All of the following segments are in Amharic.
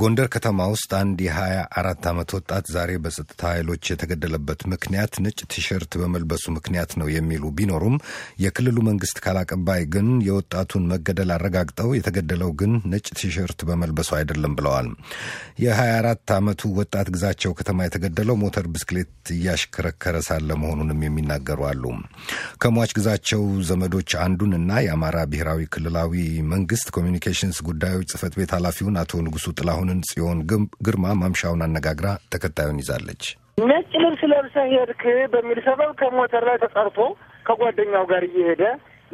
ጎንደር ከተማ ውስጥ አንድ የ አራት ዓመት ወጣት ዛሬ በጸጥታ ኃይሎች የተገደለበት ምክንያት ነጭ ቲሸርት በመልበሱ ምክንያት ነው የሚሉ ቢኖሩም የክልሉ መንግስት ቃል አቀባይ ግን የወጣቱን መገደል አረጋግጠው የተገደለው ግን ነጭ ቲሸርት በመልበሱ አይደለም ብለዋል። አራት ዓመቱ ወጣት ግዛቸው ከተማ የተገደለው ሞተር ብስክሌት እያሽከረከረ ሳለ መሆኑንም የሚናገሩ አሉ። ከሟች ግዛቸው ዘመዶች አንዱን እና የአማራ ብሔራዊ ክልላዊ መንግስት ኮሚኒኬሽንስ ጉዳዮች ጽህፈት ቤት ኃላፊውን አቶ ንጉሱ ጥላሁን ሰለሞንን ጽዮን ግርማ ማምሻውን አነጋግራ ተከታዩን ይዛለች። ነጭ ልብስ ለብሰህ ሄድክ በሚል ሰበብ ከሞተር ላይ ተጠርቶ ከጓደኛው ጋር እየሄደ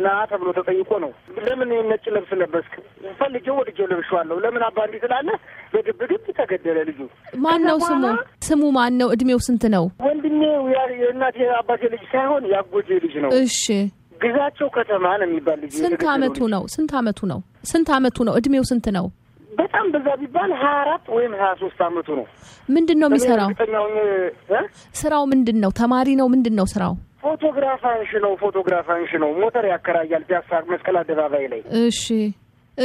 ና ተብሎ ተጠይቆ ነው። ለምን ነጭ ልብስ ለበስክ? ፈልጌው ወድጄው ለብሼዋለሁ። ለምን አባ እንዲህ ትላለህ? ግብ ተገደለ። ልጁ ማን ነው? ስሙ ስሙ ማን ነው? እድሜው ስንት ነው? ወንድሜ የእናቴ አባቴ ልጅ ሳይሆን ያጎቴ ልጅ ነው። እሺ ግዛቸው ከተማ ነው የሚባል ልጅ። ስንት አመቱ ነው? ስንት አመቱ ነው? ስንት አመቱ ነው? እድሜው ስንት ነው? በጣም በዛ ቢባል ሀያ አራት ወይም ሀያ ሶስት አመቱ ነው። ምንድን ነው የሚሰራው? ስራው ምንድን ነው? ተማሪ ነው? ምንድን ነው ስራው? ፎቶግራፍ አንሺ ነው። ፎቶግራፍ አንሺ ነው። ሞተር ያከራያል። ፒያሳ መስቀል አደባባይ ላይ። እሺ፣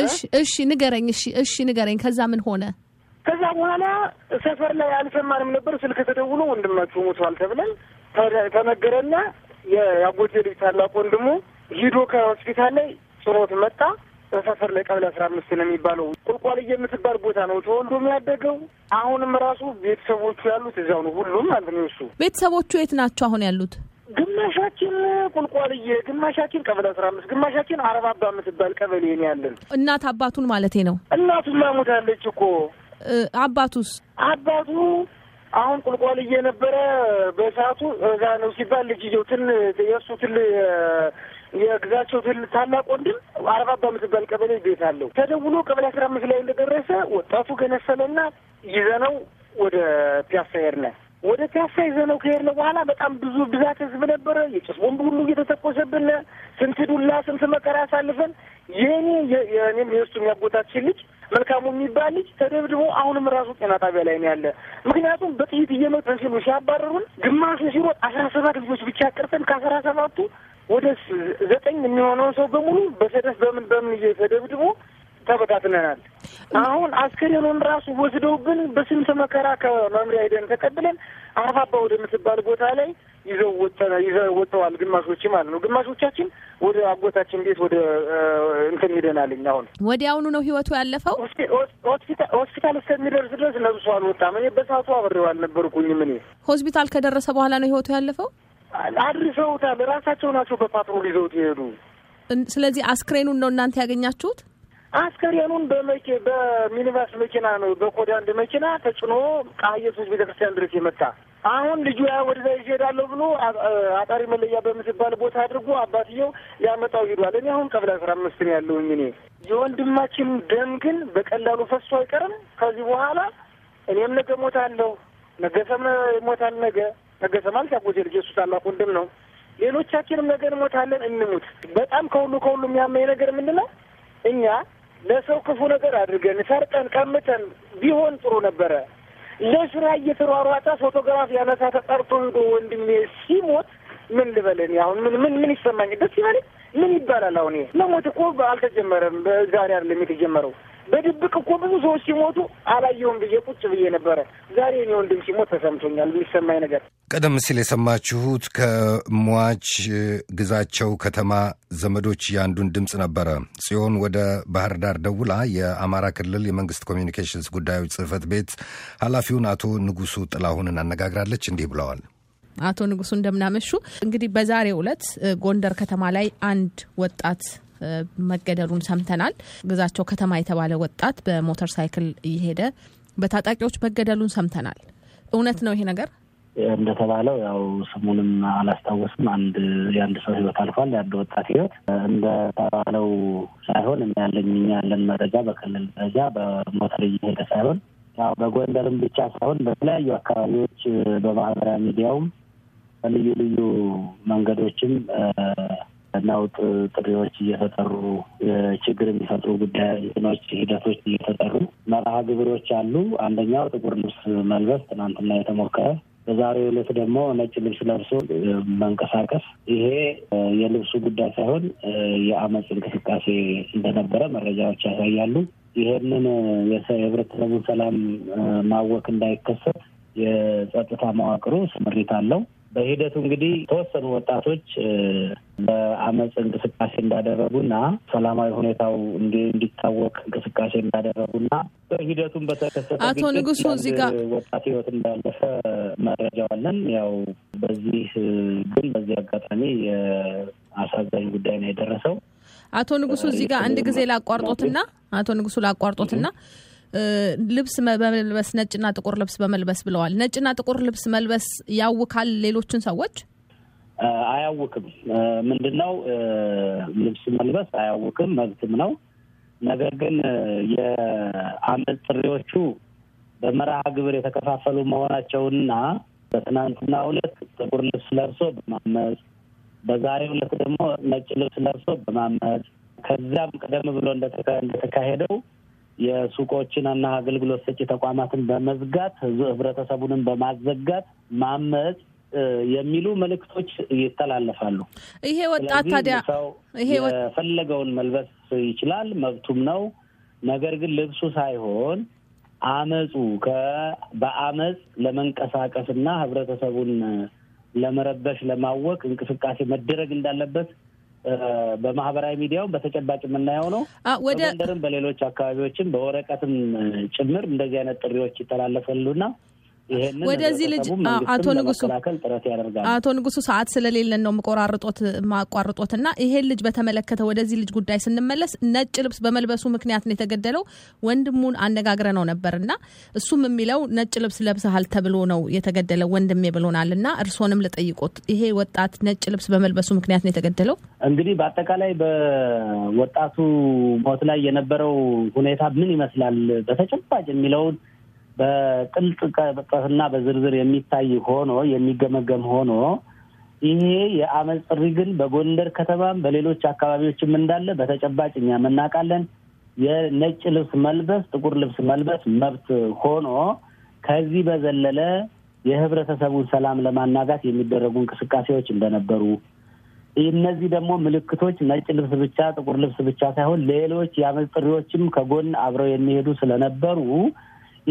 እሺ፣ እሺ፣ ንገረኝ። እሺ፣ እሺ፣ ንገረኝ። ከዛ ምን ሆነ? ከዛ በኋላ ሰፈር ላይ አልሰማንም ነበር። ስልክ ተደውሎ ወንድማችሁ ሞቷል ተብለን ተነገረና የአጎቴ ልጅ ታላቅ ወንድሙ ሂዶ ከሆስፒታል ላይ ጽሮት መጣ። ላይ ለቀበሌ አስራ አምስት ነው የሚባለው ቁልቋል የምትባል ቦታ ነው ተወልዶ የሚያደገው። አሁንም ራሱ ቤተሰቦቹ ያሉት እዚያው ነው። ሁሉም ማለት ነው። እሱ ቤተሰቦቹ የት ናቸው አሁን ያሉት? ግማሻችን ቁልቋልዬ፣ ግማሻችን ቀበሌ አስራ አምስት ግማሻችን አረብ አባ የምትባል ቀበሌ ነው ያለን። እናት አባቱን ማለት ነው። እናቱማ ሞታለች እኮ። አባቱስ? አባቱ አሁን ቁልቋልየ ነበረ በሰዓቱ እዛ ነው ሲባል ልጅየው ትን የእሱ ትል የግዛቸው ድል ታላቅ ወንድም አረባ በምትባል ቀበሌ ቤት አለው። ተደውሎ ቀበሌ አስራ አምስት ላይ እንደደረሰ ወጣቱ ገነሰለና ይዘነው ወደ ፒያሳ ሄድነ። ወደ ፒያሳ ይዘነው ከሄድነ በኋላ በጣም ብዙ ብዛት ህዝብ ነበረ። የጭስ ቦምብ ሁሉ እየተተኮሰብን ስንት ዱላ ስንት መከራ አሳልፈን የኔ የእኔም የእሱ የሚያጎታችን ልጅ መልካሙ የሚባል ልጅ ተደብድቦ አሁንም ራሱ ጤና ጣቢያ ላይ ነው ያለ። ምክንያቱም በጥይት እየመጠን ሲሉ ሲያባረሩን ግማሹ ሲሮጥ አስራ ሰባት ልጆች ብቻ ቀርተን ከአስራ ሰባቱ ወደ ዘጠኝ የሚሆነውን ሰው በሙሉ በሰደፍ በምን በምን ይዞ ተደብድቦ ተበታትነናል። አሁን አስከሬኑን ራሱ ወስደውብን በስንት መከራ ከመምሪያ ሄደን ተቀብለን አርፋባ ወደምትባል ቦታ ላይ ይዘው ወጥተዋል። ግማሾች ማለት ነው። ግማሾቻችን ወደ አጎታችን ቤት ወደ እንትን ሄደናልኝ። አሁን ወዲያውኑ ነው ህይወቱ ያለፈው። ሆስፒታል እስከሚደርስ ድረስ ነብሱ አልወጣም። እኔ በሰዓቱ አብሬው አልነበርኩኝም። እኔ ሆስፒታል ከደረሰ በኋላ ነው ህይወቱ ያለፈው። አድርሰውታል። ራሳቸው ናቸው በፓትሮል ይዘውት ይሄዱ። ስለዚህ አስክሬኑን ነው እናንተ ያገኛችሁት? አስከሬኑን በመኪ በሚኒባስ መኪና ነው በኮዳ አንድ መኪና ተጭኖ ቃየሱስ ቤተክርስቲያን ድረስ የመጣ አሁን ልጁ ያ ወደዛ ይሄዳለሁ ብሎ አጣሪ መለያ በምትባል ቦታ አድርጎ አባትየው ያመጣው ሂዷል። እኔ አሁን ቀብላ አስራ አምስት ነው ያለውኝ። እኔ የወንድማችን ደም ግን በቀላሉ ፈሶ አይቀርም። ከዚህ በኋላ እኔም ነገ ሞታለሁ፣ ነገ ሰም ሞታል ነገ ነገሰ ማለት ያጎዜ ልጅ እሱ ታላቅ ወንድም ነው። ሌሎቻችንም ነገር እንሞታለን፣ እንሙት። በጣም ከሁሉ ከሁሉ የሚያመኝ ነገር ምንድነው? እኛ ለሰው ክፉ ነገር አድርገን ሰርጠን ቀምተን ቢሆን ጥሩ ነበረ። ለስራ እየተሯሯጠ ፎቶግራፍ ያነሳ ተጠርቶ ሄዶ ወንድሜ ሲሞት ምን ልበለን? አሁን ምን ምን ምን ይሰማኝ? ደስ ይበል? ምን ይባላል? አሁን ይሄ ለሞት እኮ አልተጀመረም፣ በዛሬ አይደለም የተጀመረው። በድብቅ እኮ ብዙ ሰዎች ሲሞቱ አላየሁም ብዬ ቁጭ ብዬ ነበረ። ዛሬ እኔ ወንድም ሲሞት ተሰምቶኛል። የሚሰማኝ ነገር ቀደም ሲል የሰማችሁት ከሟች ግዛቸው ከተማ ዘመዶች የአንዱን ድምፅ ነበረ። ጽዮን ወደ ባህር ዳር ደውላ የአማራ ክልል የመንግስት ኮሚኒኬሽንስ ጉዳዮች ጽህፈት ቤት ኃላፊውን አቶ ንጉሱ ጥላሁንን አነጋግራለች። እንዲህ ብለዋል። አቶ ንጉሱ እንደምናመሹ። እንግዲህ በዛሬው ዕለት ጎንደር ከተማ ላይ አንድ ወጣት መገደሉን ሰምተናል። ግዛቸው ከተማ የተባለ ወጣት በሞተር ሳይክል እየሄደ በታጣቂዎች መገደሉን ሰምተናል። እውነት ነው ይሄ ነገር? እንደተባለው ያው ስሙንም አላስታወስም። አንድ የአንድ ሰው ህይወት አልፏል። የአንድ ወጣት ህይወት እንደተባለው ሳይሆን ያለኝ ያለን መረጃ በክልል ደረጃ በሞተር እየሄደ ሳይሆን ያው በጎንደርም ብቻ ሳይሆን በተለያዩ አካባቢዎች በማህበራዊ ሚዲያውም በልዩ ልዩ መንገዶችም ነውጥ ጥሪዎች እየተጠሩ ችግር የሚፈጥሩ ጉዳይ ሂደቶች እየተጠሩ መርሃ ግብሮች አሉ። አንደኛው ጥቁር ልብስ መልበስ ትናንትና የተሞከረ በዛሬው ዕለት ደግሞ ነጭ ልብስ ለብሶ መንቀሳቀስ ይሄ የልብሱ ጉዳይ ሳይሆን የአመፅ እንቅስቃሴ እንደነበረ መረጃዎች ያሳያሉ። ይህንን የህብረተሰቡን ሰላም ማወክ እንዳይከሰት የጸጥታ መዋቅሩ ስምሪት አለው። በሂደቱ እንግዲህ የተወሰኑ ወጣቶች በአመፅ እንቅስቃሴ እንዳደረጉና ሰላማዊ ሁኔታው እንዲታወቅ እንቅስቃሴ እንዳደረጉና በሂደቱም በተከሰተ አቶ ንጉሱ እዚህ ጋር ወጣት ህይወት እንዳለፈ መረጃው አለን። ያው በዚህ ግን በዚህ አጋጣሚ የአሳዛኝ ጉዳይ ነው የደረሰው። አቶ ንጉሱ እዚህ ጋር አንድ ጊዜ ላቋርጦትና አቶ ንጉሱ ላቋርጦትና ልብስ በመልበስ ነጭና ጥቁር ልብስ በመልበስ ብለዋል። ነጭና ጥቁር ልብስ መልበስ ያውካል ሌሎችን ሰዎች? አያውክም። ምንድነው ልብስ መልበስ አያውክም፣ መብትም ነው። ነገር ግን የአመት ጥሪዎቹ በመርሃ ግብር የተከፋፈሉ መሆናቸውና በትናንትና ዕለት ጥቁር ልብስ ለብሶ በማመፅ በዛሬ ዕለት ደግሞ ነጭ ልብስ ለብሶ በማመፅ ከዚያም ቀደም ብሎ እንደተካሄደው የሱቆችንና አገልግሎት ሰጪ ተቋማትን በመዝጋት ህብረተሰቡንም በማዘጋት ማመፅ የሚሉ መልእክቶች ይተላለፋሉ። ይሄ ወጣት ታዲያ ይሄ የፈለገውን መልበስ ይችላል፣ መብቱም ነው። ነገር ግን ልብሱ ሳይሆን አመፁ በአመፅ ለመንቀሳቀስና ህብረተሰቡን ለመረበሽ ለማወቅ እንቅስቃሴ መደረግ እንዳለበት በማህበራዊ ሚዲያውም በተጨባጭ የምናየው ነው። በጎንደርም በሌሎች አካባቢዎችም በወረቀትም ጭምር እንደዚህ አይነት ጥሪዎች ይተላለፋሉና ወደዚህ ልጅ አቶ ንጉሱ አቶ ንጉሱ ሰዓት ስለሌለን ነው የምቆራርጦት ማቋርጦት እና ይሄን ልጅ በተመለከተ ወደዚህ ልጅ ጉዳይ ስንመለስ ነጭ ልብስ በመልበሱ ምክንያት ነው የተገደለው። ወንድሙን አነጋግረ ነው ነበር እና እሱም የሚለው ነጭ ልብስ ለብሰሃል ተብሎ ነው የተገደለው ወንድሜ ብሎናል። እና እርስዎንም ልጠይቆት ይሄ ወጣት ነጭ ልብስ በመልበሱ ምክንያት ነው የተገደለው። እንግዲህ በአጠቃላይ በወጣቱ ሞት ላይ የነበረው ሁኔታ ምን ይመስላል በተጨባጭ የሚለውን በጥልቅ በዝርዝር የሚታይ ሆኖ የሚገመገም ሆኖ ይሄ የአመፅ ጥሪ ግን በጎንደር ከተማም በሌሎች አካባቢዎችም እንዳለ በተጨባጭ እኛም እናውቃለን። የነጭ ልብስ መልበስ፣ ጥቁር ልብስ መልበስ መብት ሆኖ ከዚህ በዘለለ የህብረተሰቡን ሰላም ለማናጋት የሚደረጉ እንቅስቃሴዎች እንደነበሩ እነዚህ ደግሞ ምልክቶች ነጭ ልብስ ብቻ ጥቁር ልብስ ብቻ ሳይሆን ሌሎች የአመፅ ጥሪዎችም ከጎን አብረው የሚሄዱ ስለነበሩ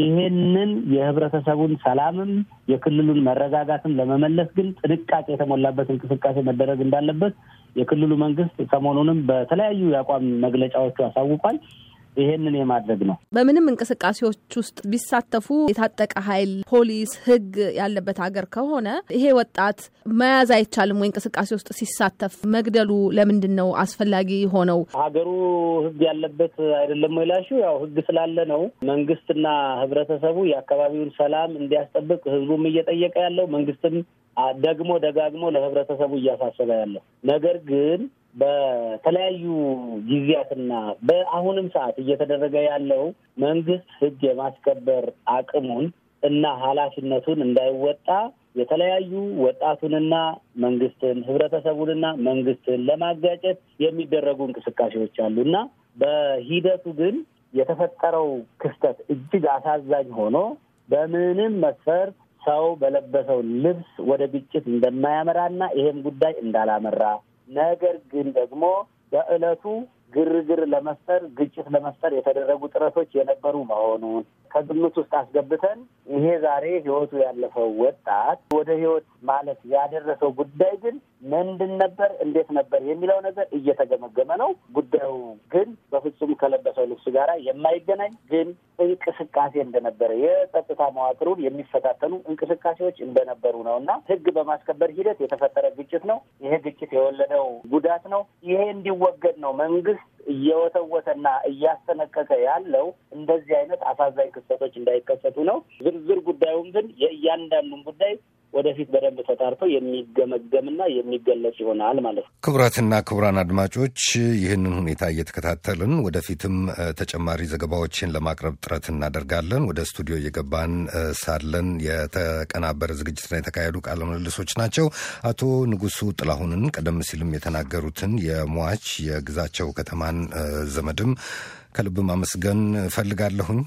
ይህንን የህብረተሰቡን ሰላምም የክልሉን መረጋጋትም ለመመለስ ግን ጥንቃቄ የተሞላበት እንቅስቃሴ መደረግ እንዳለበት የክልሉ መንግስት ሰሞኑንም በተለያዩ የአቋም መግለጫዎቹ አሳውቋል። ይሄንን የማድረግ ነው። በምንም እንቅስቃሴዎች ውስጥ ቢሳተፉ የታጠቀ ኃይል፣ ፖሊስ፣ ህግ ያለበት ሀገር ከሆነ ይሄ ወጣት መያዝ አይቻልም ወይ? እንቅስቃሴ ውስጥ ሲሳተፍ መግደሉ ለምንድን ነው አስፈላጊ ሆነው? ሀገሩ ህግ ያለበት አይደለም ወይ ላልሽው፣ ያው ህግ ስላለ ነው። መንግስትና ህብረተሰቡ የአካባቢውን ሰላም እንዲያስጠብቅ ህዝቡም እየጠየቀ ያለው መንግስትም ደግሞ ደጋግሞ ለህብረተሰቡ እያሳሰበ ያለው ነገር ግን በተለያዩ ጊዜያትና በአሁንም ሰዓት እየተደረገ ያለው መንግስት ህግ የማስከበር አቅሙን እና ኃላፊነቱን እንዳይወጣ የተለያዩ ወጣቱንና መንግስትን ህብረተሰቡንና መንግስትን ለማጋጨት የሚደረጉ እንቅስቃሴዎች አሉ እና በሂደቱ ግን የተፈጠረው ክስተት እጅግ አሳዛኝ ሆኖ በምንም መስፈርት ሰው በለበሰው ልብስ ወደ ግጭት እንደማያመራና ይሄም ጉዳይ እንዳላመራ ነገር ግን ደግሞ በዕለቱ ግርግር ለመፍጠር ግጭት ለመፍጠር የተደረጉ ጥረቶች የነበሩ መሆኑን ከግምት ውስጥ አስገብተን ይሄ ዛሬ ህይወቱ ያለፈው ወጣት ወደ ህይወት ማለት ያደረሰው ጉዳይ ግን ምንድን ነበር፣ እንዴት ነበር የሚለው ነገር እየተገመገመ ነው። ጉዳዩ ግን በፍጹም ከለበሰው ልብስ ጋር የማይገናኝ ግን እንቅስቃሴ እንደነበረ የጸጥታ መዋቅሩን የሚፈታተኑ እንቅስቃሴዎች እንደነበሩ ነው እና ህግ በማስከበር ሂደት የተፈጠረ ግጭት ነው። ይሄ ግጭት የወለደው ጉዳት ነው። ይሄ እንዲወገድ ነው መንግስት እየወተወተና እያስጠነቀቀ ያለው እንደዚህ አይነት አሳዛኝ ክስተቶች እንዳይከሰቱ ነው። ዝርዝር ጉዳዩም ግን የእያንዳንዱን ጉዳይ ወደፊት በደንብ ተጣርቶ የሚገመገምና የሚገለጽ ይሆናል ማለት ነው። ክቡራትና ክቡራን አድማጮች ይህንን ሁኔታ እየተከታተልን ወደፊትም ተጨማሪ ዘገባዎችን ለማቅረብ ጥረት እናደርጋለን። ወደ ስቱዲዮ እየገባን ሳለን የተቀናበረ ዝግጅትና የተካሄዱ ቃለ ምልልሶች ናቸው። አቶ ንጉሱ ጥላሁንን ቀደም ሲልም የተናገሩትን የሟች የግዛቸው ከተማን ዘመድም ከልብ ማመስገን እፈልጋለሁኝ።